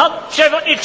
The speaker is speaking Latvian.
Pan przewodniczący!